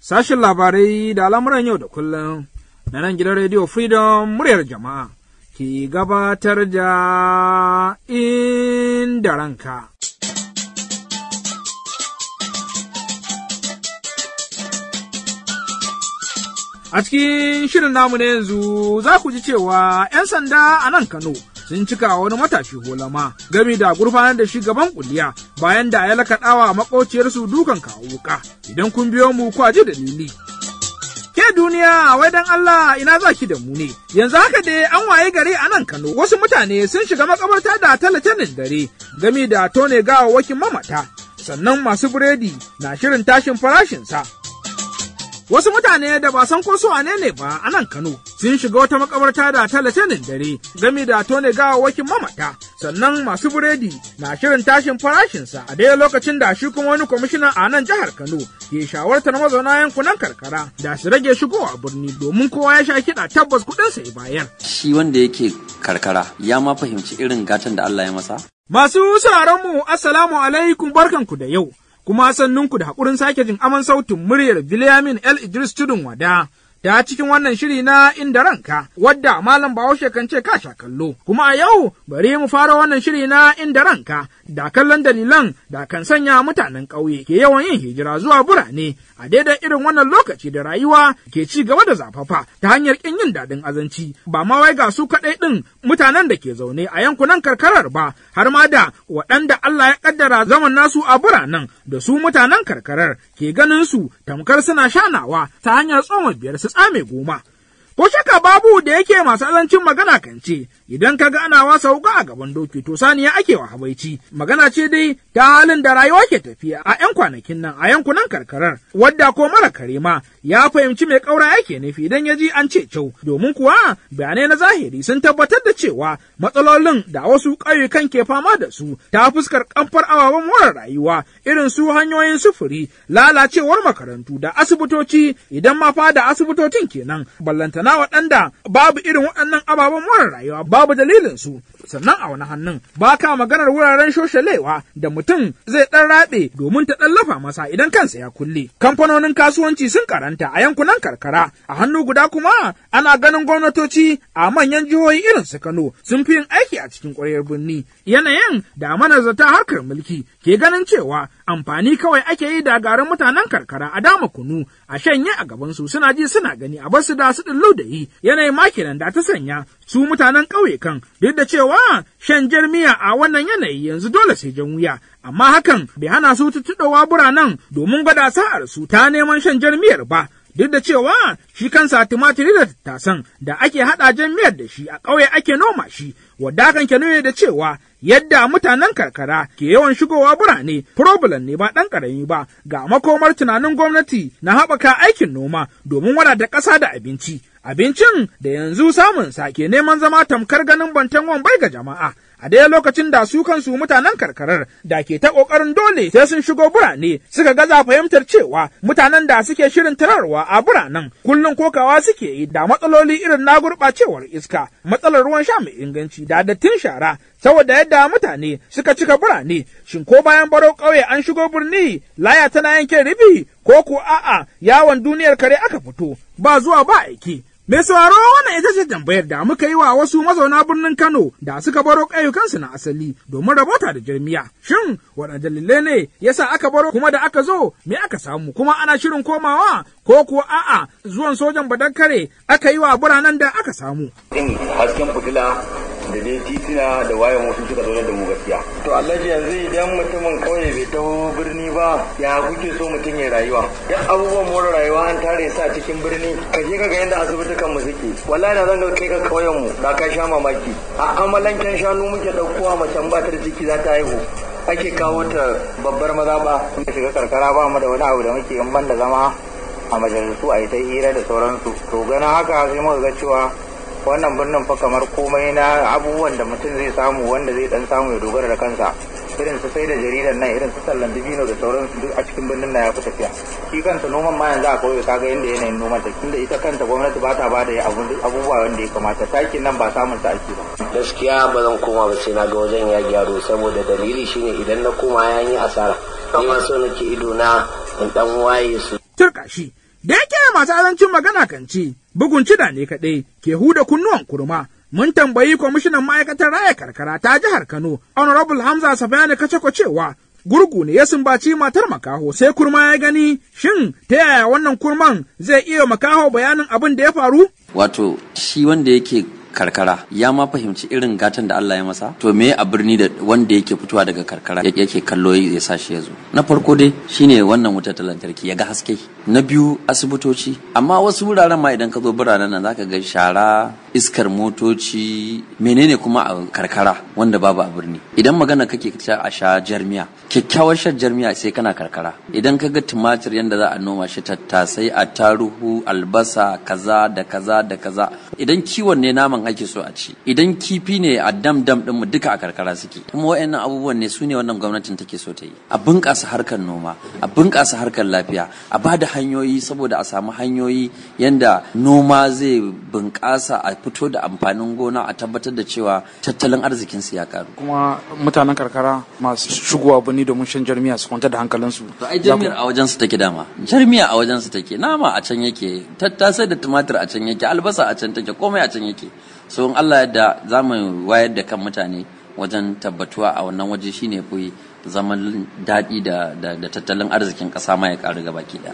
sashen labarai da al'amuran yau da kullum na nan gidan Radio Freedom muryar jama'a ke gabatar da inda ranka. A cikin shirin namu na yanzu za ku ji cewa ‘yan sanda a nan Kano sun cika wani matashi holama gami da gurfanar da shi gaban kuliya bayan da ya lakaɗawa makociyarsu dukan kawo wuka idan kun biyo mu kwaje dalili. ke duniya wai dan Allah ina za ki da mu ne yanzu haka dai an waye gari a nan Kano wasu mutane sun shiga makabarta da talatanin dare gami da tone wakin mamata sannan masu biredi na shirin tashin farashinsa Wasu mutane da ba san ko su wane ne ba a nan Kano sun shiga wata makabarta da ta dare gami da tone gawawwakin mamata sannan masu buredi na shirin tashin farashinsa a daya lokacin da shi kuma wani kwamishina a nan jihar Kano ke shawartar mazauna yankunan karkara da su rage shigo a birni domin kowa ya sha kiɗa tabbas kuɗinsa ya bayar. Shi wanda yake karkara ya ma fahimci irin gatan da Allah ya masa. Masu sauraron mu assalamu alaikum barkanku da yau. kuma sannunku da haƙurin sake jin aman sautin muryar Biliyamin El Idris Tudun Wada. Ta cikin wannan shiri na inda ranka, wadda Malam Bahaushe kan ce kasha kallo, kuma a yau bari mu fara wannan shiri na inda ranka da kallon dalilan da kan sanya mutanen ƙauye ke yawan yin hijira zuwa birane a daidai irin wannan lokaci da rayuwa ke ci gaba da zafafa ta hanyar ƙin yin daɗin azanci ba ma wai ga su kaɗai ɗin mutanen da ke zaune a yankunan karkarar ba har ma da waɗanda Allah ya ƙaddara zaman nasu a biranen da su mutanen karkarar ke ganin su tamkar suna shanawa ta hanyar tsoma biyar su tsame goma Ko shaka babu da yake masu azancin magana kan ce, idan ka ga ana wasa wuka a gaban doki to saniya ake wa habaici. Magana ce dai ta halin da rayuwa ke tafiya a 'yan kwanakin nan a yankunan karkarar, wadda ko mara kare ma ya fahimci mai ƙaura yake nufi idan ya ji an ce kyau, domin kuwa bayanai na zahiri sun tabbatar da cewa matsalolin da wasu ƙauyukan ke fama da su ta fuskar kamfar ababen more rayuwa irin su hanyoyin sufuri, lalacewar makarantu da asibitoci idan ma fa da asibitocin kenan ballantana Ballantana waɗanda babu irin waɗannan ababen more rayuwa babu dalilin su sannan a wani hannun ba ka maganar wuraren shoshalewa da mutum zai ɗan raɓe domin ta ɗan lafa masa idan kansa ya kulle. Kamfanonin kasuwanci sun karanta a yankunan karkara a hannu guda kuma ana ganin gwamnatoci a manyan jihohi irin su Kano sun fi yin aiki a cikin ƙwaryar birni yanayin da manazata harkar mulki ke ganin cewa amfani kawai ake yi da garin mutanen karkara a dama kunu a shanye a gabansu suna ji suna gani a basu da su ɗillo da yi yanayin makinan da ta sanya su mutanen ƙauye kan duk da cewa A shan jar miya a wannan yanayi yanzu dole sai jan wuya, amma hakan bai hana su tuttuɗowa biranen domin gwada sa'ar su ta neman shan jar miyar ba. Duk da cewa shi kansa tumatiri da tattasan da ake haɗa jan miyar da shi a ƙauye ake noma shi, wadda hakan ke nuna da cewa yadda mutanen karkara ke yawan shigowa birane problem ne ba ɗan ƙarami ba ga makomar tunanin gwamnati na haɓaka aikin noma domin wadata ƙasa da abinci abincin da yanzu samun sake neman zama tamkar ganin bantan bai ga jama'a a daya lokacin da su kansu mutanen karkarar da ke ta ƙoƙarin dole sai sun shigo birane suka gaza fahimtar cewa mutanen da suke shirin tararwa a biranen kullum kokawa suke yi da matsaloli irin na gurɓacewar iska matsalar ruwan sha mai inganci da dattin shara saboda yadda mutane suka cika birane shin ko bayan baro ƙauye an shigo birni laya tana yanke ribi ko ko a'a yawon duniyar kare aka fito ba zuwa ba aiki Mai sauraro wannan ita ce tambayar da muka yi wa wasu mazauna birnin Kano da suka baro ayyukansu na asali domin rabota da jirmiya. Shin waɗanne dalilai ne ya sa aka baro kuma da aka zo me aka samu kuma ana shirin komawa ko kuwa a'a zuwan sojan badakare aka yi wa biranen da aka samu. Hasken fitila da dai titina da wayan wasu suka zo da mu gaskiya to alhaji yanzu idan mutumin kauye bai taho birni ba ya kuke so mutum ya rayuwa duk abubuwan more rayuwa an tare sa cikin birni ka je ka ga yanda asibiti kan mu suke wallahi na zan ga kai ka kauyen mu da ka sha mamaki a amalanken shanu muke daukowa macen ba batar ciki za ta haihu ake kawo ta babbar maza ba muka shiga karkara ba mu da wani abu da muke in banda zama a majalisu a yi ta hira da sauransu to ganin haka sai muka ga cewa wannan birnin fa kamar komai na abubuwan da mutum zai samu wanda zai dan samu ya dogara da kansa irin su sai da jaridar nan irin su sallan dibino da sauran duk a cikin birnin na ya fi tafiya shi kanta noman ma yanzu a kauye kaga yanda yanayin noman ta tunda ita kanta gwamnati ba ta ba da abubuwa wanda ya kamata takin nan ba samun ta ake ba gaskiya ba zan koma ba sai na ga wajen ya gyaru saboda dalili shine idan na koma ya yi asara ni ma so nake ido na in dan waye su turka shi da yake masu azancin magana kan ci. bugun cida ne kaɗai ke huda kunnuwan kurma. Mun tambayi kwamishinan ma'aikatar raya karkara ta jihar Kano, Honorable Hamza Safiyani Kachako cewa gurgu ne ya sumbaci matar makaho sai kurma ya gani shin ta yaya wannan kurman zai iya makaho bayanin abin da ya faru? Wato shi wanda yake karkara ya ma fahimci irin gatan da Allah ya masa to me a birni da wanda yake fitowa daga karkara yake kallo ya sa shi ya zo na farko dai shine wannan wutar ta lantarki ya ga haske na biyu asibitoci amma wasu wuraren ma idan ka zo biranen nan zaka ga shara iskar motoci menene kuma a karkara wanda babu a birni idan magana kake ta a sha jarmiya kyakkyawar shar jarmiya sai kana karkara idan ka ga tumatir yadda za a noma shi tattasai a taruhu albasa kaza da kaza da kaza idan kiwon ne naman ake so a ci idan kifi ne a dam dam din duka a karkara suke kuma wayannan abubuwan ne su ne wannan gwamnatin take so ta yi a bunƙasa harkar noma a bunƙasa harkar lafiya a ba da hanyoyi saboda a samu hanyoyi yanda noma zai bunƙasa a fito da amfanin gona a tabbatar da cewa tattalin arzikin su ya karu kuma mutanen karkara masu shigowa birni domin shan jarmiya su kwanta da hankalin su to ai jarmiyar a wajen su take dama jarmiya a wajen su take nama a can yake tattasai da tumatir a can yake albasa a can take komai a can yake so in Allah yadda za mu wayar da kan mutane wajen tabbatuwa a wannan waje shine koyi zaman daɗi da tattalin arzikin ƙasa ma ya ƙaru gaba da.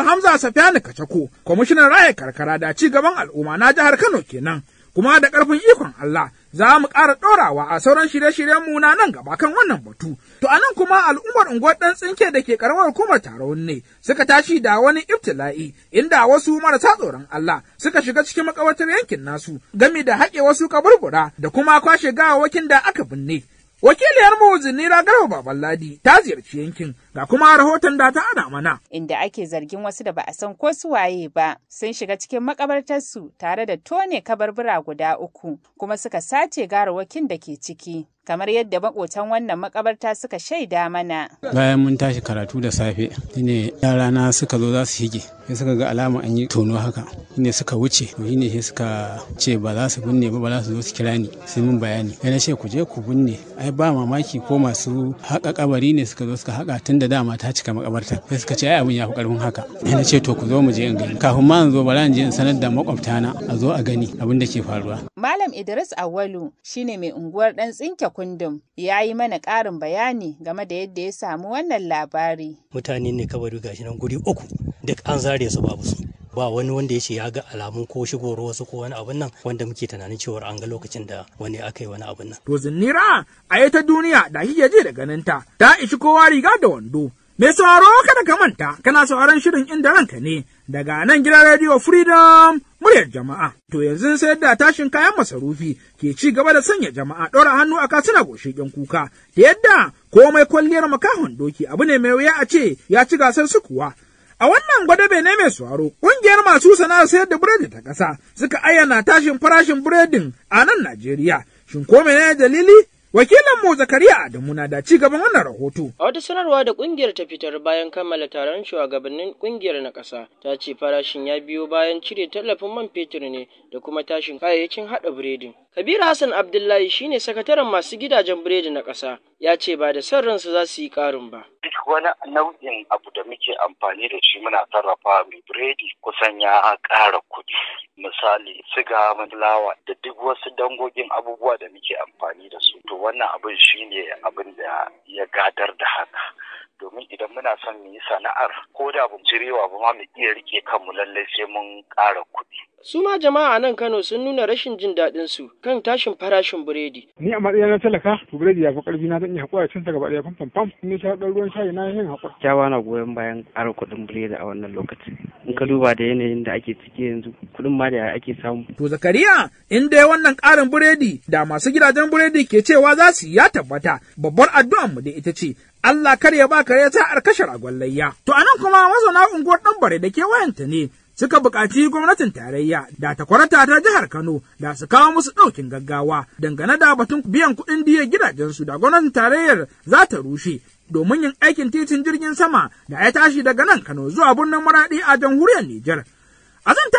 Abdul hamza safiyani kacako kwamishinan raya karkara da ci gaban al'umma na jihar kano kenan kuma da ƙarfin ikon Allah za mu ƙara ɗorawa a sauran shirye-shiryenmu na nan gaba kan wannan batu. To anan kuma al'ummar unguwar ɗan tsinke da ke ƙaramar hukumar taron ne suka tashi da wani ibtila'i inda wasu marasa tsoron Allah suka shiga cikin makabartar yankin nasu gami da haƙe wasu kaburbura da kuma kwashe wakin da aka binne. Wakiliyar Zinira Garba Babaladi ta ziyarci yankin Ga kuma rahoton da ta hada mana. Inda ake zargin wasu da ba a san ko su waye ba sun shiga cikin makabartarsu tare da tone kabarbura guda uku kuma suka sace garawakin da ke ciki. kamar yadda makotan wannan makabarta suka shaida mana. Bayan mun tashi karatu da safe, ne yara na suka zo za su shige, sai suka ga alama an yi tono haka, ne suka wuce, wani ne sai suka ce ba za su binne ba ba za su zo su kira ni, sai mun bayani. ya na ce ku je ku binne, ai ba mamaki ko masu haƙa kabari ne suka zo suka haƙa tun da da dama ta cika makabartar sai suka ce ai abin ya fi karfin haka na ce to ku zo mu je in gani kafin ma in zo bara in je in sanar da makwabta na a zo a gani abin da ke faruwa malam idris awalu shine mai unguwar dan tsinke kundum ya yi mana karin bayani game da yadda ya samu wannan labari mutane ne kabari gashi nan guri uku duk an zare su babu su ba wani wanda ya ce ya ga alamun ko shigowar wasu ko wani abun nan wanda muke tunanin cewar an ga lokacin da wani aka yi wani abun nan. To zinnira a ta duniya da kike je da ganinta ta ishi kowa riga da wando. Me sauraro kada ka manta kana sauran shirin inda ranka ne daga nan gidan Radio Freedom muryar jama'a. To yanzu sai da tashin kayan masarufi ke ci gaba da sanya jama'a ɗora hannu a kasuna goshe ɗan kuka da yadda komai kwalliyar makahon doki abu ne mai wuya a ce ya ci gasar su kuwa A wannan gwadabe ne mai suwaro, ƙungiyar masu sana'ar sayar da biredi ta ƙasa suka ayyana tashin farashin biredin a nan Najeriya. Shin ko ne dalili? wakilan mu Zakariya Adamu na da cigaban wannan rahoto. A wata sanarwa da ƙungiyar ta fitar bayan kammala taron shugabannin ƙungiyar na ƙasa, ta ce farashin ya biyo bayan cire tallafin man fetur ne da kuma tashin kayayyakin haɗa biredin. Kabiru Hassan Abdullahi shine sakataren masu gidajen biredi na ƙasa ya ce ba da son ransu za su yi ƙarin ba. Duk wani nau'in abu da muke amfani da shi muna sarrafa mai biredi kusan ya ƙara kuɗi. Misali siga, fulawa da duk wasu dangogin abubuwa da muke amfani da su. To wannan abin shine abin da ya gadar da haka. muna son mu yi sana'ar ko da ba jirewa ba ma mu iya rike kanmu lallai sai mun ƙara kuɗi. Su ma jama'a nan Kano sun nuna rashin jin daɗin su kan tashin farashin biredi. Ni a matsayin na talaka to biredi ya fi ƙarfi na zan iya haƙura cin gaba ɗaya fam fam Ni sha ɗan ruwan shayi na yin haƙura. Kyawa na goyon bayan ƙara kuɗin biredi a wannan lokaci. In ka duba da yanayin da ake ciki yanzu kuɗin ma da ake samu. To Zakariya in dai wannan ƙarin biredi da masu gidajen biredi ke cewa za su ya tabbata babbar addu'ar mu da ita ce Allah kar ya ba kare ta arkashar agwallayya to a nan kuma mazauna unguwar ɗanbare da kewayenta ne suka buƙaci gwamnatin tarayya da ta kwarata ta jihar Kano da su kawo musu ɗaukin gaggawa dangane da batun biyan kuɗin diya gidajensu da gwamnatin tarayyar za ta rushe domin yin aikin titin jirgin sama da ya tashi daga nan Kano zuwa birnin Maraɗi a jamhuriyar Nijar.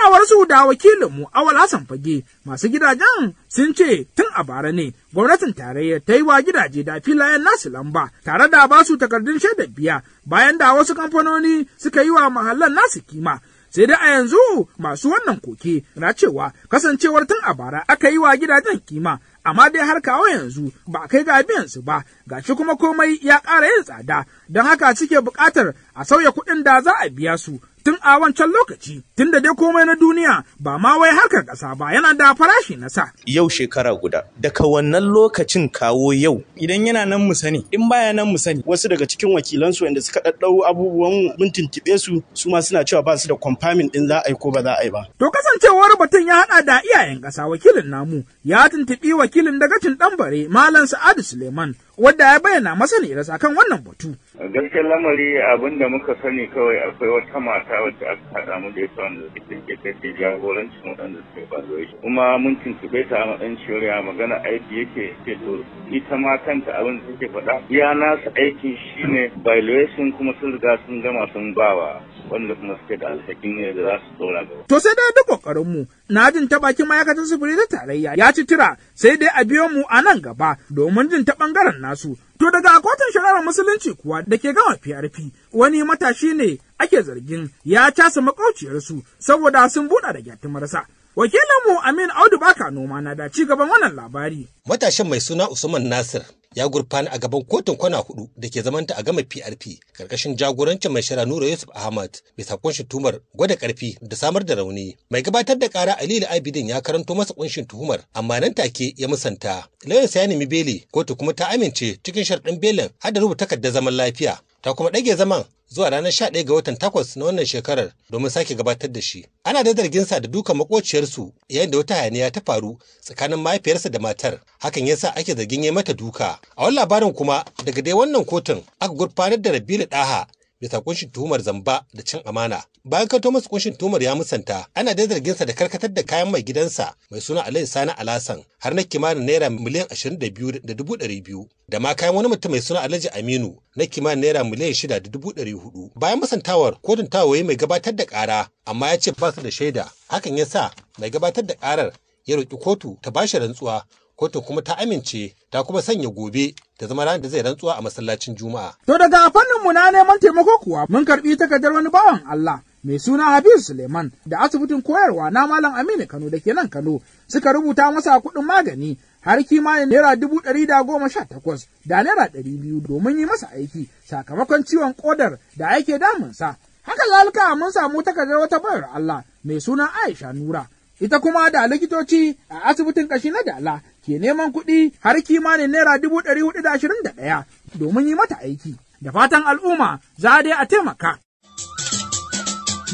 ganawarsu da wakilinmu Awal Hassan Fage masu gidajen sun ce tun a bara ne gwamnatin tarayyar ta yi wa gidaje da filayen nasu lamba tare da ba su takardun shaidar biya bayan da wasu kamfanoni suka yi wa mahallan nasu kima. sai dai a yanzu masu wannan koke na cewa kasancewar tun a bara aka yi wa gidajen kima amma dai har kawo yanzu ba kai ga biyansu ba Ga shi kuma komai ya ƙara yin tsada don haka suke buƙatar a sauya kuɗin da za a biya su tun a wancan lokaci tun da dai komai na duniya ba ma wai harkar ƙasa ba yana da farashi na sa. Yau shekara guda daga wannan lokacin kawo yau. Idan yana nan mu sani in baya nan mu sani wasu daga cikin wakilansu wanda suka ɗaɗɗau abubuwan mun tuntuɓe su su ma suna cewa ba su da kwamfamin ɗin za a yi ko ba za a yi ba. To kasancewar batun ya haɗa da iyayen ƙasa wakilin namu ya tuntuɓi wakilin dagacin ɗanbare Malam Sa'adu Suleiman wanda ya bayyana masa rasa kan wannan batu. gaskiyar lamari abin da muka sani kawai akwai wata mata wacce aka haɗa mu da ita wanda take ke take jagorancin waɗanda suke shi. kuma mun tuntuɓe ta a matsayin shirya magana aiki yake ke to ita ma kanta abin da faɗa iya nasu aikin shine violation kuma sun riga sun gama sun bawa wanda suna suke da alhakin ne da za su dora gaba. To sai dai duk kokarin mu na jin ta bakin ma'aikatar sufuri ta tarayya ya ci tira sai dai a biyo mu a nan gaba domin jin ta bangaren nasu. To daga kotun shari'ar musulunci kuwa da ke gama PRP wani matashi ne ake zargin ya casa makauciyarsu saboda sun buɗa da marasa. Wakilinmu Amin Audu Baka Noma na da ci gaban wannan labari. Matashin mai suna Usman Nasir ya gurfana a gaban kotun kwana hudu da ke zamanta a gama PRP karkashin jagorancin mai shara Nura Yusuf Ahmad bisa kunshin tumar gwada karfi da samar da rauni. Mai gabatar da kara Aliyu Abidin ya karanto masa kunshin tuhumar amma nan take ya musanta. Lauyan ya nemi beli kotu kuma ta amince cikin sharɗin belin har da rubuta takardar zaman lafiya ta kuma ɗage zaman zuwa ranar 11 ga watan takwas na wannan shekarar domin sake gabatar da shi. Ana da zarginsa da duka makociyarsu yayin da wata hayaniya ta faru tsakanin mahaifiyarsa da matar. Hakan ya sa ake zargin ya mata duka. A wani labarin kuma daga dai wannan kotun aka gurfanar da Rabilu Daha bisa kunshin tuhumar zamba da cin amana. Bayan kato thomas kunshin tuhumar ya musanta, ana dai zargin sa da karkatar da kayan mai gidansa mai suna alai Sani Alasan har na kimanin naira miliyan ashirin da biyu dubu ɗari biyu da ma kayan wani mutum mai suna Alhaji Aminu na kimanin naira miliyan shida da dubu ɗari hudu. Bayan musantawar kotun tawaye mai gabatar da ƙara amma ya ce ba su da shaida hakan ya sa mai gabatar da karar ya roƙi kotu ta bashi rantsuwa kotu kuma ta amince ta kuma sanya gobe ta zama ranar da zai rantsuwa a masallacin juma'a. To daga fannin mu na neman taimako kuwa mun karbi takardar wani bawan Allah mai suna Habib Suleiman da asibitin koyarwa na Malam Aminu Kano da ke nan Kano suka rubuta masa kuɗin magani har kima kimanin naira dubu ɗari da goma sha takwas da naira ɗari biyu domin yi masa aiki sakamakon ciwon ƙodar da ake damunsa. Haka zalika mun samu takardar wata bayar Allah mai suna Aisha Nura. Ita kuma da likitoci a asibitin ƙashi na Dala ke neman kuɗi har kimanin naira dubu ɗari hudu da ashirin da ɗaya domin yi mata aiki. Da fatan al'umma za dai a taimaka.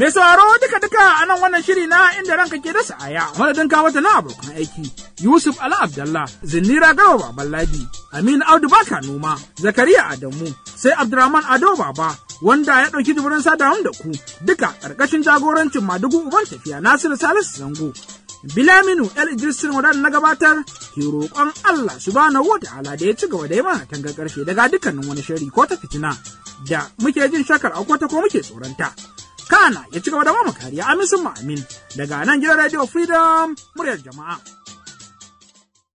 Mai sauraro duka duka a nan wannan shiri na inda ranka ke da sa'aya madadin kawo ta na abokan aiki. Yusuf Ala Abdallah, Zinnira Garba Baban Ladi, Aminu Audu Baka Noma, Zakariya Adamu, sai Abdurrahman Ado Baba, wanda ya ɗauki duburin sadarwar da ku duka ƙarƙashin jagorancin Madugu Uban Tafiya Nasiru Salisu Zango Bilaminu El Idris Wadan na gabatar, ke roƙon Allah subhanahu wata ala da ya ci gaba da ya mana tanga ƙarshe daga dukkanin wani shari ko ta fitina da muke jin shakar akwata ko muke tsoronta. Kana ya ci gaba da mamakariya kariya amin sun amin daga nan gidan Radio Freedom muryar jama'a.